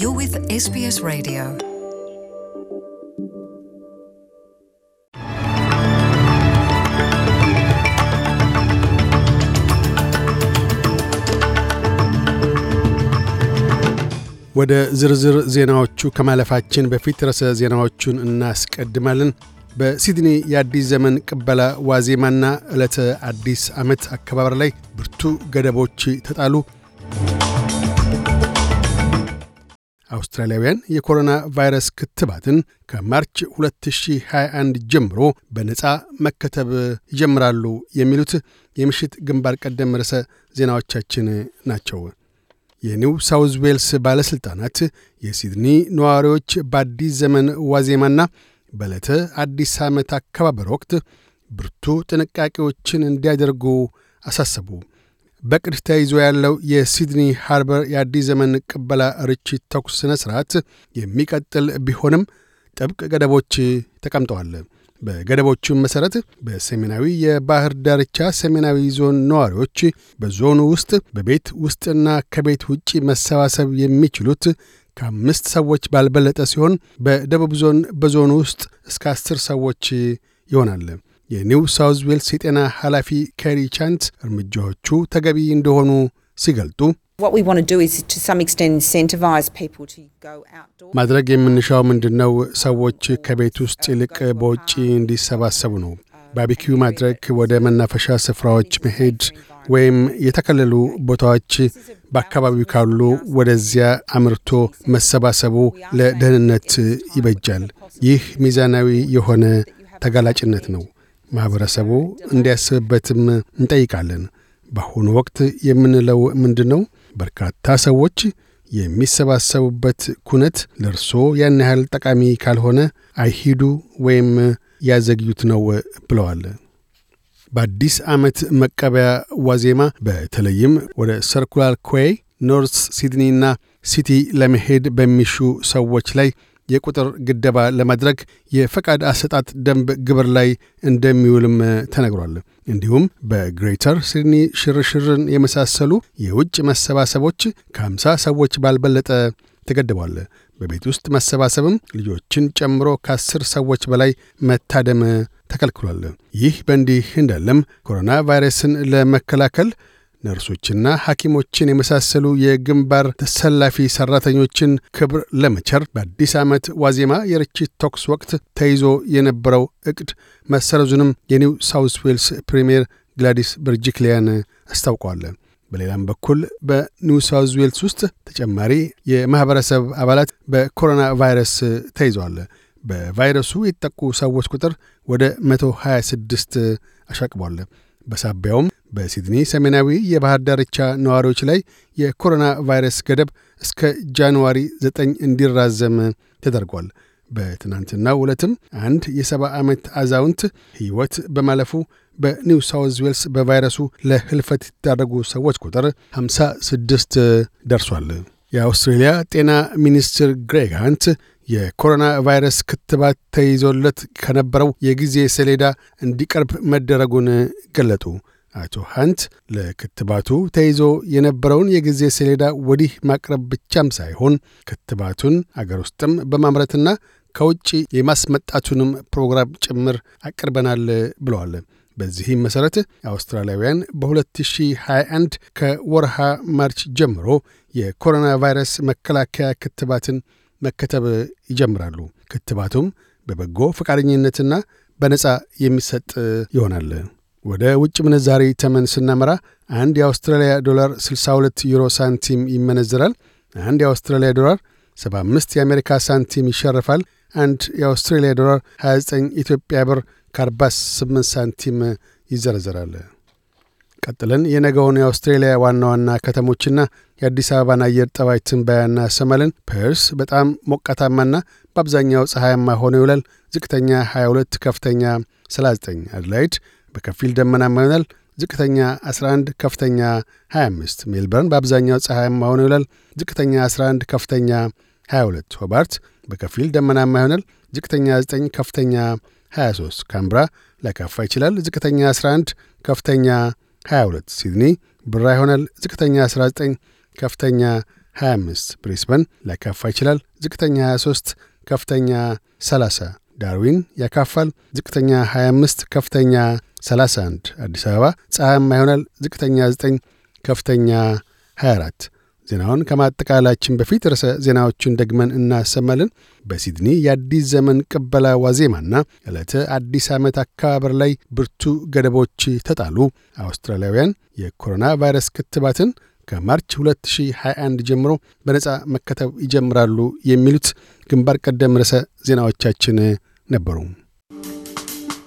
You're with SBS Radio. ወደ ዝርዝር ዜናዎቹ ከማለፋችን በፊት ርዕሰ ዜናዎቹን እናስቀድማለን። በሲድኒ የአዲስ ዘመን ቅበላ ዋዜማና ዕለተ አዲስ ዓመት አከባበር ላይ ብርቱ ገደቦች ተጣሉ። አውስትራሊያውያን የኮሮና ቫይረስ ክትባትን ከማርች 2021 ጀምሮ በነፃ መከተብ ይጀምራሉ የሚሉት የምሽት ግንባር ቀደም ርዕሰ ዜናዎቻችን ናቸው። የኒው ሳውዝ ዌልስ ባለሥልጣናት የሲድኒ ነዋሪዎች በአዲስ ዘመን ዋዜማና በዕለተ አዲስ ዓመት አከባበር ወቅት ብርቱ ጥንቃቄዎችን እንዲያደርጉ አሳሰቡ። በቅድ ተይዞ ያለው የሲድኒ ሃርበር የአዲስ ዘመን ቅበላ ርችት ተኩስ ሥነ ሥርዓት የሚቀጥል ቢሆንም ጥብቅ ገደቦች ተቀምጠዋል። በገደቦቹም መሠረት በሰሜናዊ የባህር ዳርቻ ሰሜናዊ ዞን ነዋሪዎች በዞኑ ውስጥ በቤት ውስጥና ከቤት ውጭ መሰባሰብ የሚችሉት ከአምስት ሰዎች ባልበለጠ ሲሆን በደቡብ ዞን በዞኑ ውስጥ እስከ አስር ሰዎች ይሆናል። የኒው ሳውዝ ዌልስ የጤና ኃላፊ ከሪ ቻንት እርምጃዎቹ ተገቢ እንደሆኑ ሲገልጡ ማድረግ የምንሻው ምንድን ነው? ሰዎች ከቤት ውስጥ ይልቅ በውጪ እንዲሰባሰቡ ነው። ባቢኪው ማድረግ፣ ወደ መናፈሻ ስፍራዎች መሄድ ወይም የተከለሉ ቦታዎች በአካባቢው ካሉ ወደዚያ አምርቶ መሰባሰቡ ለደህንነት ይበጃል። ይህ ሚዛናዊ የሆነ ተጋላጭነት ነው። ማኅበረሰቡ እንዲያስብበትም እንጠይቃለን። በአሁኑ ወቅት የምንለው ምንድን ነው? በርካታ ሰዎች የሚሰባሰቡበት ኩነት ለርሶ ያን ያህል ጠቃሚ ካልሆነ አይሂዱ ወይም ያዘግዩት ነው ብለዋል። በአዲስ ዓመት መቀበያ ዋዜማ በተለይም ወደ ሰርኩላር ኩዌይ፣ ኖርስ ሲድኒና ሲቲ ለመሄድ በሚሹ ሰዎች ላይ የቁጥር ግደባ ለማድረግ የፈቃድ አሰጣጥ ደንብ ግብር ላይ እንደሚውልም ተነግሯል። እንዲሁም በግሬተር ሲድኒ ሽርሽርን የመሳሰሉ የውጭ መሰባሰቦች ከ50 ሰዎች ባልበለጠ ተገድቧል። በቤት ውስጥ መሰባሰብም ልጆችን ጨምሮ ከአስር ሰዎች በላይ መታደም ተከልክሏል። ይህ በእንዲህ እንዳለም ኮሮና ቫይረስን ለመከላከል ነርሶችና ሐኪሞችን የመሳሰሉ የግንባር ተሰላፊ ሠራተኞችን ክብር ለመቸር በአዲስ ዓመት ዋዜማ የርችት ተኩስ ወቅት ተይዞ የነበረው እቅድ መሰረዙንም የኒው ሳውስ ዌልስ ፕሪምየር ግላዲስ ብርጅክሊያን አስታውቋለ። በሌላም በኩል በኒው ሳውዝ ዌልስ ውስጥ ተጨማሪ የማኅበረሰብ አባላት በኮሮና ቫይረስ ተይዘዋል። በቫይረሱ የተጠቁ ሰዎች ቁጥር ወደ 126 አሻቅቧል። በሳቢያውም በሲድኒ ሰሜናዊ የባህር ዳርቻ ነዋሪዎች ላይ የኮሮና ቫይረስ ገደብ እስከ ጃንዋሪ 9 እንዲራዘም ተደርጓል። በትናንትናው ዕለትም አንድ የሰባ ዓመት አዛውንት ሕይወት በማለፉ በኒው ሳውዝ ዌልስ በቫይረሱ ለህልፈት የተዳረጉ ሰዎች ቁጥር 56 ደርሷል። የአውስትሬልያ ጤና ሚኒስትር ግሬግ ሃንት የኮሮና ቫይረስ ክትባት ተይዞለት ከነበረው የጊዜ ሰሌዳ እንዲቀርብ መደረጉን ገለጡ። አቶ ሃንት ለክትባቱ ተይዞ የነበረውን የጊዜ ሰሌዳ ወዲህ ማቅረብ ብቻም ሳይሆን ክትባቱን አገር ውስጥም በማምረትና ከውጭ የማስመጣቱንም ፕሮግራም ጭምር አቅርበናል ብለዋል። በዚህም መሠረት አውስትራሊያውያን በ2021 ከወርሃ ማርች ጀምሮ የኮሮና ቫይረስ መከላከያ ክትባትን መከተብ ይጀምራሉ። ክትባቱም በበጎ ፈቃደኝነትና በነፃ የሚሰጥ ይሆናል። ወደ ውጭ ምንዛሪ ተመን ስናመራ አንድ የአውስትራሊያ ዶላር 62 ዩሮ ሳንቲም ይመነዝራል። አንድ የአውስትራሊያ ዶላር 75 የአሜሪካ ሳንቲም ይሸርፋል። አንድ የአውስትራሊያ ዶላር 29 ኢትዮጵያ ብር ከ48 ሳንቲም ይዘረዘራል። ቀጥለን የነገውን የአውስትሬሊያ ዋና ዋና ከተሞችና የአዲስ አበባን አየር ጠባይ ትንበያ እናሰማለን። ፐርስ በጣም ሞቃታማና በአብዛኛው ፀሐያማ ሆኖ ይውላል። ዝቅተኛ 22፣ ከፍተኛ 39። አድላይድ በከፊል ደመናማ ይሆናል። ዝቅተኛ 11 ከፍተኛ 25። ሜልበርን በአብዛኛው ፀሐያማ ሆኖ ይውላል። ዝቅተኛ 11 ከፍተኛ 22። ሆባርት በከፊል ደመናማ ይሆናል። ዝቅተኛ 9 ከፍተኛ 23። ካምብራ ለካፋ ይችላል። ዝቅተኛ 11 ከፍተኛ 22። ሲድኒ ብራ ይሆናል። ዝቅተኛ 19 ከፍተኛ 25። ብሪስበን ለካፋ ይችላል። ዝቅተኛ 23 ከፍተኛ 30። ዳርዊን ያካፋል። ዝቅተኛ 25 ከፍተኛ 31 አዲስ አበባ ፀሐያማ ይሆናል። ዝቅተኛ 9፣ ከፍተኛ 24። ዜናውን ከማጠቃላችን በፊት ርዕሰ ዜናዎቹን ደግመን እናሰማለን። በሲድኒ የአዲስ ዘመን ቅበላ ዋዜማና ዕለተ አዲስ ዓመት አከባበር ላይ ብርቱ ገደቦች ተጣሉ። አውስትራሊያውያን የኮሮና ቫይረስ ክትባትን ከማርች 2021 ጀምሮ በነፃ መከተብ ይጀምራሉ። የሚሉት ግንባር ቀደም ርዕሰ ዜናዎቻችን ነበሩ።